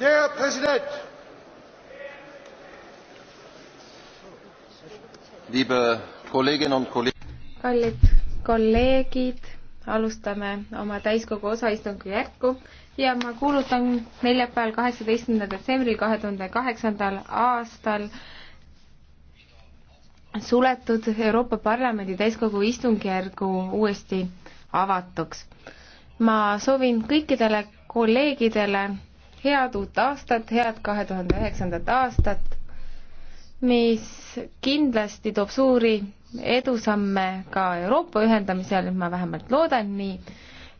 Herr Präsident! Liebe Kolleginnen und Kollegen! kallid kolleegid, alustame oma täiskogu osaistungi jätku ja ma kuulutan neljapäeval, kaheksateistkümnendal detsembril kahe tuhande kaheksandal aastal suletud Euroopa Parlamendi täiskogu istungjärgu uuesti avatuks. ma soovin kõikidele kolleegidele head uut aastat, head kahe tuhande üheksandat aastat, mis kindlasti toob suuri edusamme ka Euroopa ühendamisel, ma vähemalt loodan nii,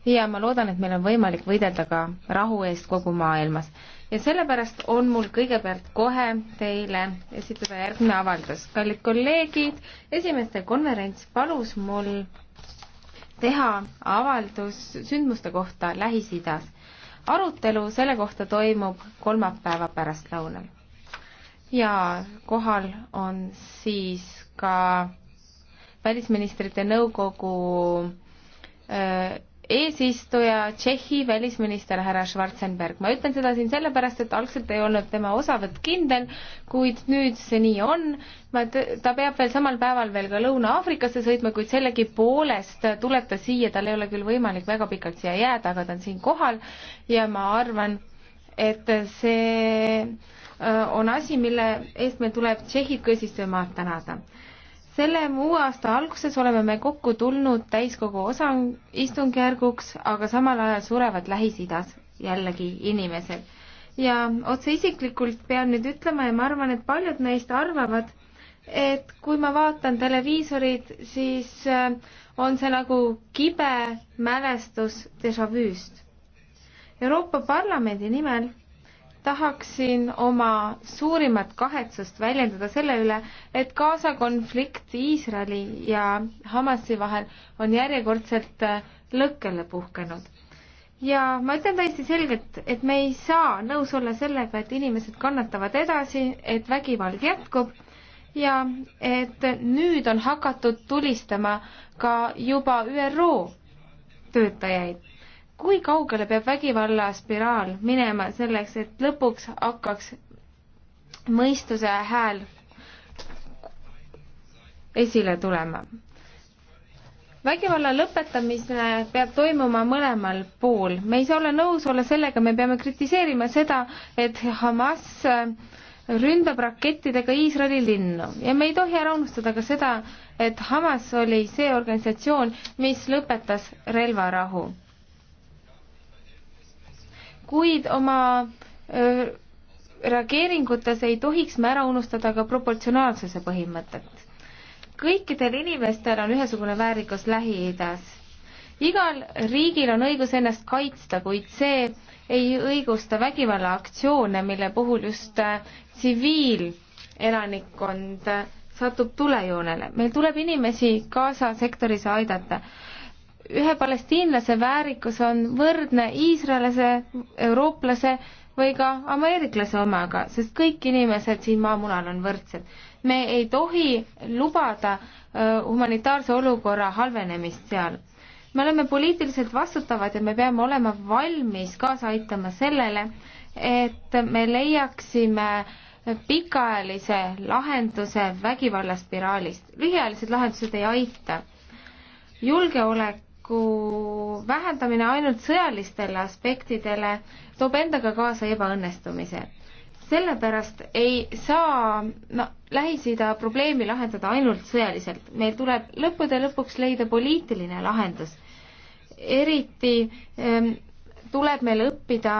ja ma loodan, et meil on võimalik võidelda ka rahu eest kogu maailmas. ja sellepärast on mul kõigepealt kohe teile esitada järgmine avaldus. kallid kolleegid, esimeste konverents palus mul teha avaldus sündmuste kohta Lähis-Idas arutelu selle kohta toimub kolmapäeva pärastlõunal. ja kohal on siis ka välisministrite nõukogu öö, äh, eesistuja Tšehhi välisminister härra Schwarzenberg. ma ütlen seda siin sellepärast, et algselt ei olnud tema osavõtt kindel, kuid nüüd see nii on. ma, ta peab veel samal päeval veel ka Lõuna-Aafrikasse sõitma, kuid sellegipoolest tuleb ta siia, tal ei ole küll võimalik väga pikalt siia jääda, aga ta on siin kohal ja ma arvan, et see äh, on asi, mille eest meil tuleb Tšehhit kui eesistujamaad tänada selle muu aasta alguses oleme me kokku tulnud täiskogu osa istungjärguks, aga samal ajal surevad Lähis-Idas jällegi inimesed. ja otse isiklikult pean nüüd ütlema ja ma arvan, et paljud neist arvavad, et kui ma vaatan televiisorit, siis äh, on see nagu kibe mälestus déjà vu'st. Euroopa Parlamendi nimel tahaksin oma suurimat kahetsust väljendada selle üle, et Gaza konflikt Iisraeli ja Hamasi vahel on järjekordselt äh, lõkkele puhkenud. ja ma ütlen täiesti selgelt, et me ei saa nõus olla sellega, et inimesed kannatavad edasi, et vägivald jätkub ja et nüüd on hakatud tulistama ka juba ÜRO töötajaid kui kaugele peab vägivallaspiraal minema selleks, et lõpuks hakkaks mõistuse hääl esile tulema? vägivalla lõpetamine peab toimuma mõlemal pool. me ei saa olla nõus olla sellega, me peame kritiseerima seda, et Hamas ründab rakettidega Iisraeli linnu ja me ei tohi ära unustada ka seda, et Hamas oli see organisatsioon, mis lõpetas relvarahu kuid oma reageeringutes ei tohiks me ära unustada ka proportsionaalsuse põhimõtet. kõikidel inimestel on ühesugune väärikus Lähi-Idas. igal riigil on õigus ennast kaitsta, kuid see ei õigusta vägivallaaktsioone, mille puhul just äh, tsiviilelanikkond äh, satub tulejoonele. meil tuleb inimesi Gaza sektoris aidata ühe palestiinlase väärikus on võrdne iisraellase, eurooplase või ka ameeriklase omaga, sest kõik inimesed siin maamunal on võrdsed. me ei tohi lubada humanitaarse olukorra halvenemist seal. me oleme poliitiliselt vastutavad ja me peame olema valmis kaasa aitama sellele, et me leiaksime pikaajalise lahenduse vägivallaspiraalist. lühiajalised lahendused ei aita. julgeolek vähendamine ainult sõjalistele aspektidele toob endaga kaasa ebaõnnestumise. sellepärast ei saa no, Lähis-Ida probleemi lahendada ainult sõjaliselt, meil tuleb lõppude lõpuks leida poliitiline lahendus. eriti ähm, tuleb meil õppida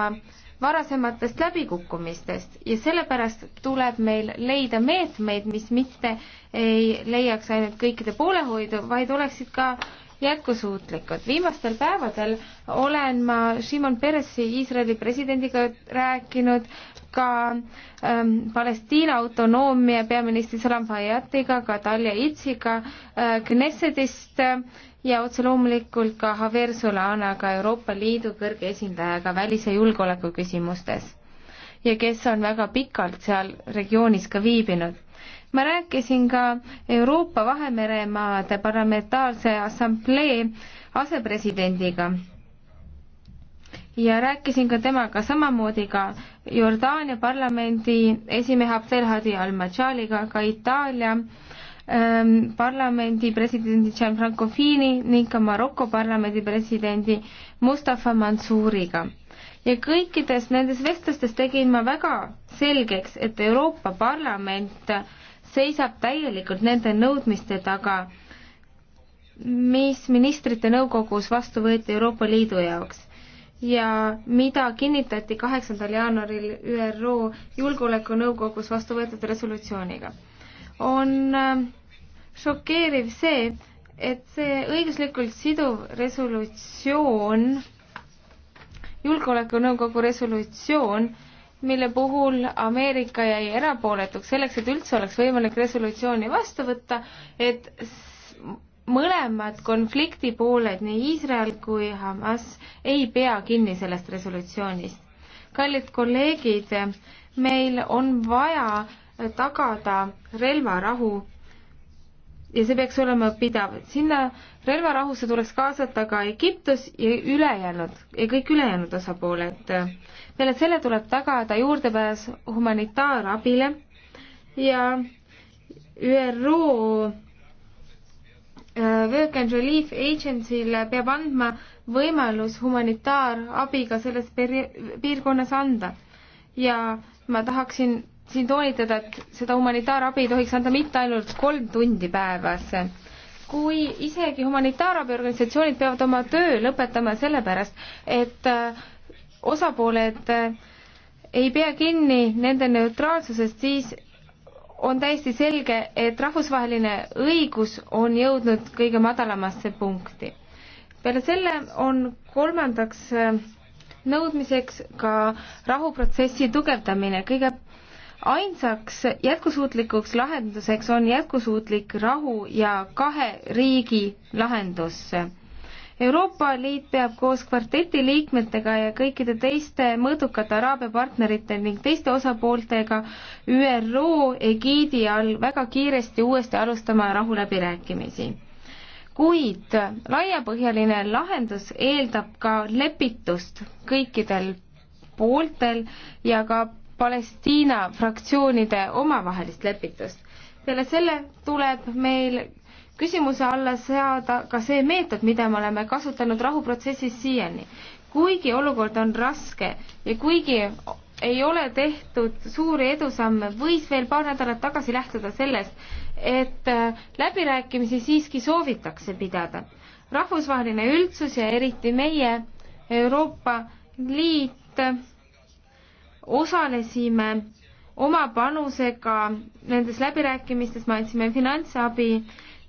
varasematest läbikukkumistest ja sellepärast tuleb meil leida meetmeid, mis mitte ei leiaks ainult kõikide poolehoidu, vaid oleksid ka jätkusuutlikud. viimastel päevadel olen ma Shimon Peresi, Iisraeli presidendiga rääkinud, ka ähm, Palestiina autonoomia peaministri Salam Fayyatiga, ka Talja Itsiga äh, Knessetist äh, ja otse loomulikult ka Javier Solanaga, Euroopa Liidu kõrge esindajaga välis- ja julgeolekuküsimustes ja kes on väga pikalt seal regioonis ka viibinud ma rääkisin ka Euroopa Vahemeremaade Parlamentaarse Assamblee asepresidendiga ja rääkisin ka temaga samamoodi ka Jordaania parlamendi esimehe Abdelhadi al-Majaliga, ka Itaalia ähm, parlamendi presidendi Gianfranco Fini ning ka Maroko parlamendi presidendi Mustafa Mansouriga. ja kõikides nendes vestlustes tegin ma väga selgeks, et Euroopa Parlament äh, seisab täielikult nende nõudmiste taga, mis ministrite nõukogus vastu võeti Euroopa Liidu jaoks ja mida kinnitati kaheksandal jaanuaril ÜRO Julgeolekunõukogus vastu võetud resolutsiooniga. on äh, šokeeriv see, et see õiguslikult siduv resolutsioon, Julgeolekunõukogu resolutsioon mille puhul Ameerika jäi erapooletuks selleks, et üldse oleks võimalik resolutsiooni vastu võtta, et mõlemad konfliktipooled, nii Iisrael kui Hamas, ei pea kinni sellest resolutsioonist. kallid kolleegid, meil on vaja tagada relvarahu ja see peaks olema pidav. sinna relvarahusse tuleks kaasata ka Egiptus ja ülejäänud ja kõik ülejäänud osapooled. peale selle tuleb tagada juurdepääs humanitaarabile ja ÜRO äh, Work and Relief Agency'le peab andma võimalus humanitaarabi ka selles piirkonnas anda. ja ma tahaksin siin toonitada, et seda humanitaarabi ei tohiks anda mitte ainult kolm tundi päevas. kui isegi humanitaarabiorganisatsioonid peavad oma töö lõpetama sellepärast, et äh, osapooled äh, ei pea kinni nende neutraalsusest, siis on täiesti selge, et rahvusvaheline õigus on jõudnud kõige madalamasse punkti. peale selle on kolmandaks äh, nõudmiseks ka rahuprotsessi tugevdamine. kõige ainsaks jätkusuutlikuks lahenduseks on jätkusuutlik rahu ja kahe riigi lahendus. Euroopa Liit peab koos kvarteti liikmetega ja kõikide teiste mõõdukate Araabia partnerite ning teiste osapooltega ÜRO egiidi all väga kiiresti uuesti alustama rahuläbirääkimisi. kuid laiapõhjaline lahendus eeldab ka lepitust kõikidel pooltel ja ka Palestiina fraktsioonide omavahelist lepitust. peale selle tuleb meil küsimuse alla seada ka see meetod, mida me oleme kasutanud rahuprotsessis siiani. kuigi olukord on raske ja kuigi ei ole tehtud suuri edusamme, võis veel paar nädalat tagasi lähtuda sellest, et äh, läbirääkimisi siiski soovitakse pidada. rahvusvaheline üldsus ja eriti meie, Euroopa Liit osalesime oma panusega nendes läbirääkimistes, me andsime finantsabi,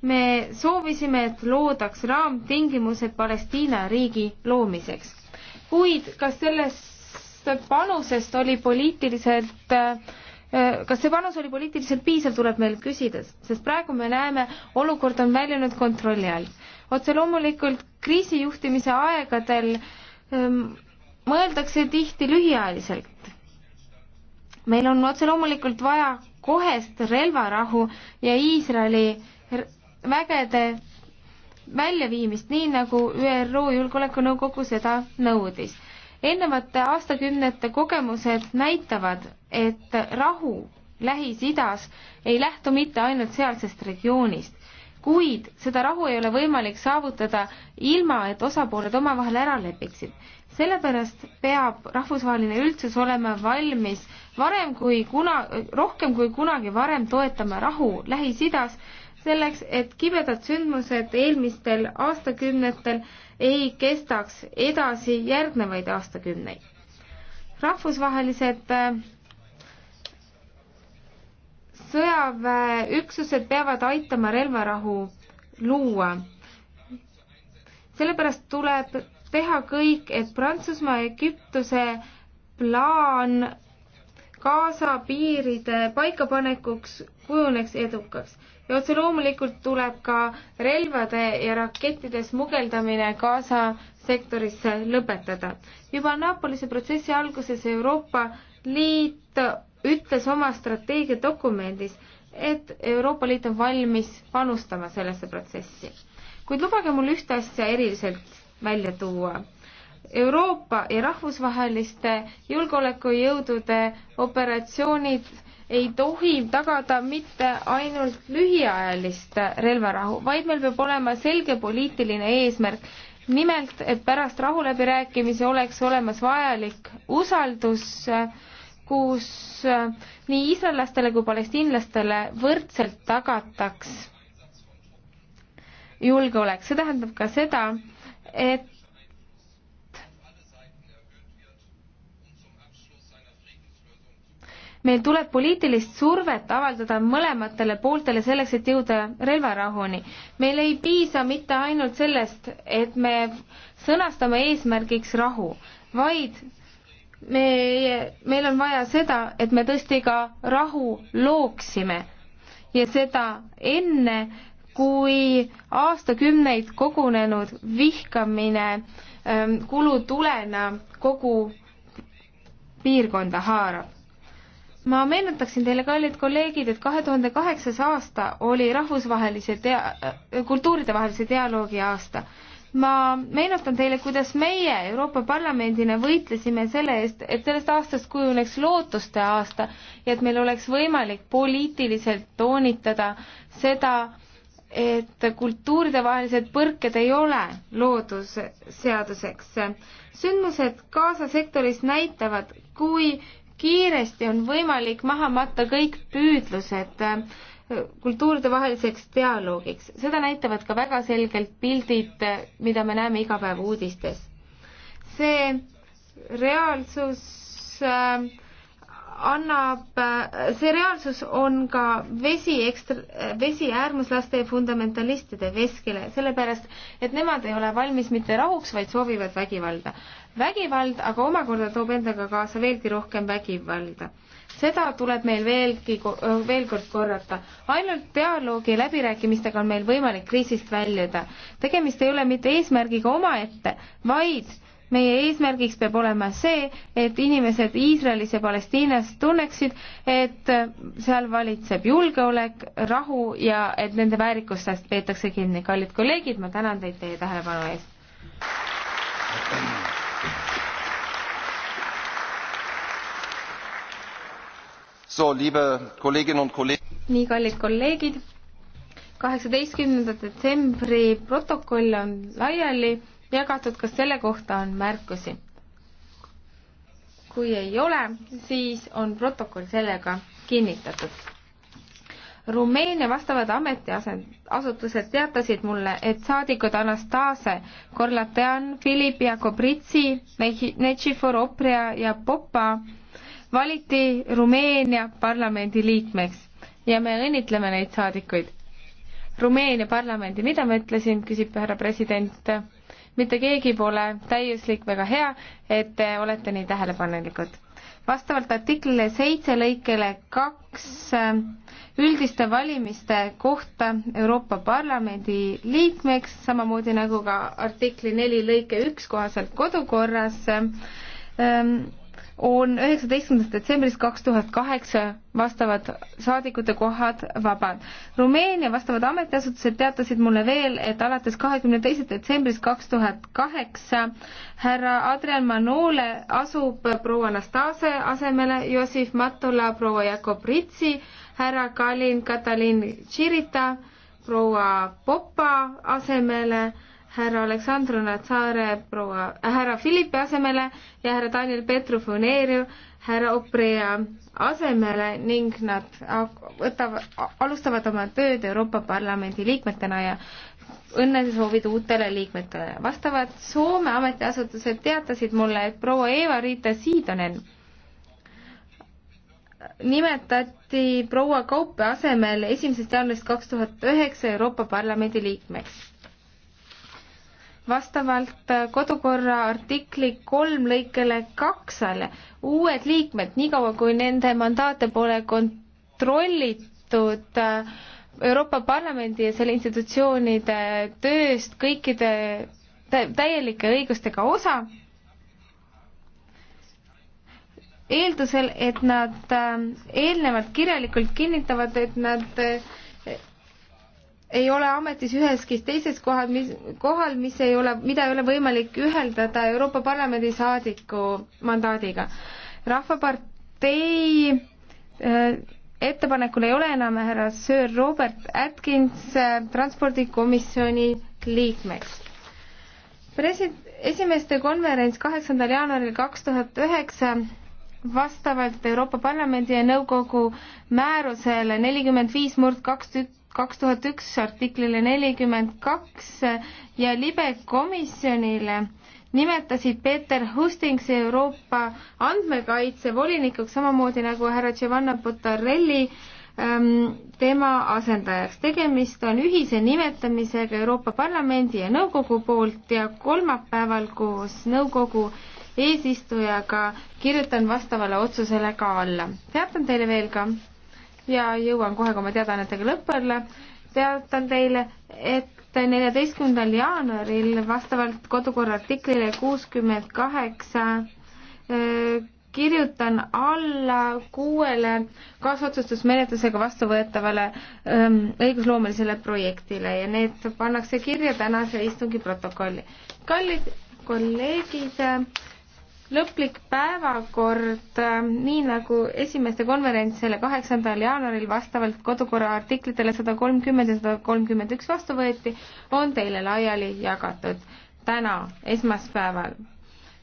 me soovisime, et loodaks raamtingimused Palestiina riigi loomiseks. kuid kas sellest panusest oli poliitiliselt äh, kas see panus oli poliitiliselt piisav, tuleb meil küsida, sest praegu me näeme, olukord on väljunud kontrolli all. otse loomulikult kriisijuhtimise aegadel ähm, mõeldakse tihti lühiajaliselt meil on otse loomulikult vaja kohest relvarahu ja Iisraeli vägede väljaviimist, nii nagu ÜRO Julgeolekunõukogu seda nõudis. eelnevate aastakümnete kogemused näitavad, et rahu Lähis-Idas ei lähtu mitte ainult sealsest regioonist, kuid seda rahu ei ole võimalik saavutada ilma, et osapooled omavahel ära lepiksid. sellepärast peab rahvusvaheline üldsus olema valmis varem kui kuna, rohkem kui kunagi varem toetama rahu Lähis-Idas, selleks, et kibedad sündmused eelmistel aastakümnetel ei kestaks edasi järgnevaid aastakümneid. rahvusvahelised äh, sõjaväeüksused peavad aitama relvarahu luua. sellepärast tuleb teha kõik, et Prantsusmaa ja Egiptuse plaan Gaza piiride paikapanekuks kujuneks edukaks ja otse loomulikult tuleb ka relvade ja rakettide smugeldamine Gaza sektorisse lõpetada. juba Napolise protsessi alguses Euroopa Liit ütles oma strateegiadokumendis, et Euroopa Liit on valmis panustama sellesse protsessi. kuid lubage mul ühte asja eriliselt välja tuua. Euroopa ja rahvusvaheliste julgeolekujõudude operatsioonid ei tohi tagada mitte ainult lühiajalist relvarahu, vaid meil peab olema selge poliitiline eesmärk. nimelt, et pärast rahuläbirääkimisi oleks olemas vajalik usaldus äh, kus äh, nii iisraellastele kui palestiinlastele võrdselt tagataks julgeolek. see tähendab ka seda, et meil tuleb poliitilist survet avaldada mõlematele pooltele selleks, et jõuda relvarahuni. meil ei piisa mitte ainult sellest, et me sõnastame eesmärgiks rahu, vaid me, meil on vaja seda, et me tõesti ka rahu looksime ja seda enne, kui aastakümneid kogunenud vihkamine ähm, kulutulena kogu piirkonda haarab. ma meenutaksin teile, kallid kolleegid, et kahe tuhande kaheksas aasta oli rahvusvahelise dia-, kultuuridevahelise dialoogi aasta ma meenutan teile, kuidas meie Euroopa Parlamendina võitlesime selle eest, et sellest aastast kujuneks lootuste aasta ja et meil oleks võimalik poliitiliselt toonitada seda, et kultuuridevahelised põrked ei ole loodusseaduseks. sündmused Gaza sektoris näitavad, kui kiiresti on võimalik maha matta kõik püüdlused kultuuridevaheliseks dialoogiks. seda näitavad ka väga selgelt pildid, mida me näeme iga päev uudistes. see reaalsus äh, annab, äh, see reaalsus on ka vesi ekstra, äh, vesi äärmuslaste ja fundamentalistide veskile, sellepärast et nemad ei ole valmis mitte rahuks, vaid soovivad vägivalda vägivald aga omakorda toob endaga kaasa veelgi rohkem vägivalda. seda tuleb meil veelgi, veel kord korrata. ainult dialoogi ja läbirääkimistega on meil võimalik kriisist väljuda. tegemist ei ole mitte eesmärgiga omaette, vaid meie eesmärgiks peab olema see, et inimesed Iisraelis ja Palestiinas tunneksid, et seal valitseb julgeolek, rahu ja et nende väärikustest peetakse kinni. kallid kolleegid, ma tänan teid teie tähelepanu eest. So, liebe Kolleginnen und Kollegen. nii, kallid kolleegid, kaheksateistkümnenda detsembri protokoll on laiali jagatud, kas selle kohta on märkusi? kui ei ole, siis on protokoll sellega kinnitatud. Rumeenia vastavad ametiasutused teatasid mulle, et saadikud Anastase, Korlatean, Filip ja Kobritsi, Nechifor, Opria ja Popa valiti Rumeenia parlamendi liikmeks ja me õnnitleme neid saadikuid. Rumeenia parlamendi, mida ma ütlesin, küsib härra president. mitte keegi pole täiuslik, väga hea, et te olete nii tähelepanelikud. vastavalt artiklile seitse lõikele kaks äh, üldiste valimiste kohta Euroopa Parlamendi liikmeks, samamoodi nagu ka artikli neli lõike üks kohaselt kodukorras ähm, on üheksateistkümnendast detsembrist kaks tuhat kaheksa vastavad saadikute kohad vabad. Rumeenia vastavad ametiasutused teatasid mulle veel, et alates kahekümne teisest detsembrist kaks tuhat kaheksa härra Adrian Manole asub proua Anastase asemele Josif Matula, proua Jakob Ritsi, härra Kalin Katalin Tširita, proua Popa asemele härra Aleksandr Natsaare proua äh,, härra Philippi asemele ja härra Daniel Petrofoneriu härra Oprea asemele ning nad võtavad, alustavad oma tööd Euroopa Parlamendi liikmetena ja õnnesoovid uutele liikmetele. vastavad Soome ametiasutused teatasid mulle, et proua Eva-Riita Siidonen nimetati proua Kaupe asemel esimesest jaanuarist kaks tuhat üheksa Euroopa Parlamendi liikmeks vastavalt äh, kodukorra artikli kolm lõikele kaksale uued liikmed, niikaua kui nende mandaate pole kontrollitud äh, Euroopa Parlamendi ja selle institutsioonide tööst kõikide täielike õigustega osa, eeldusel, et nad äh, eelnevalt kirjalikult kinnitavad, et nad ei ole ametis üheski teises kohal, mis, kohal, mis ei ole, mida ei ole võimalik üheldada Euroopa Parlamendi saadiku mandaadiga. rahvapartei äh, ettepanekul ei ole enam härra Sir Robert Atkins äh, transpordikomisjoni liikmeks. presid-, esimeeste konverents kaheksandal jaanuaril kaks tuhat üheksa vastavalt Euroopa Parlamendi ja Nõukogu määrusele nelikümmend viis murd kaks tükki kaks tuhat üks artiklile nelikümmend kaks ja libe komisjonile nimetasid Peeter Hustings Euroopa andmekaitsevolinikuks, samamoodi nagu härra Giovanna Botarelli ähm, tema asendajaks. tegemist on ühise nimetamisega Euroopa Parlamendi ja nõukogu poolt ja kolmapäeval koos nõukogu eesistujaga kirjutan vastavale otsusele ka alla. teatan teile veel ka, ja jõuan kohe ka oma teadaannetega lõpule. teatan teile, et neljateistkümnendal jaanuaril vastavalt kodukorra artiklile kuuskümmend kaheksa äh, kirjutan alla kuuele kaasotsustusmenetlusega vastuvõetavale ähm, õigusloomelisele projektile ja need pannakse kirja tänase istungi protokolli. kallid kolleegid, äh, lõplik päevakord, äh, nii nagu esimeste konverents selle kaheksandal jaanuaril vastavalt kodukorra artiklitele sada kolmkümmend ja sada kolmkümmend üks vastu võeti, on teile laiali jagatud täna, esmaspäeval.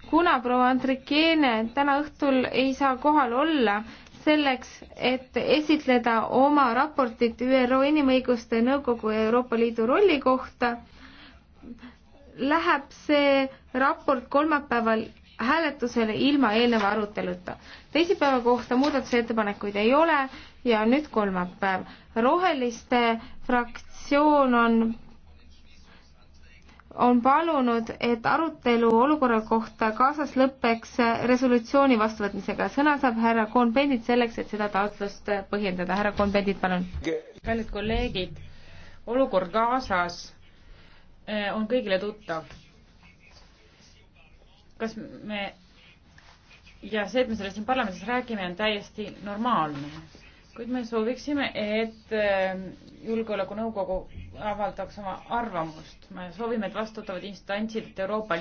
kuna proua Andrikiene täna õhtul ei saa kohal olla, selleks, et esitleda oma raportit ÜRO Inimõiguste Nõukogu ja Euroopa Liidu rolli kohta, läheb see raport kolmapäeval hääletusele ilma eelneva aruteluta. teisipäeva kohta muudatusettepanekuid ei ole ja nüüd kolmapäev. roheliste fraktsioon on on palunud, et arutelu olukorra kohta kaasas lõpeks resolutsiooni vastuvõtmisega. sõna saab härra Kohn-Pendit selleks, et seda taotlust põhjendada. härra Kohn-Pendit, palun. kallid kolleegid, olukord Gazas eh, on kõigile tuttav kas me ja see, et me sellest siin parlamendis räägime, on täiesti normaalne. kuid me sooviksime, et äh, Julgeolekunõukogu avaldaks oma arvamust. me soovime, et vastutavad instantsid Euroopa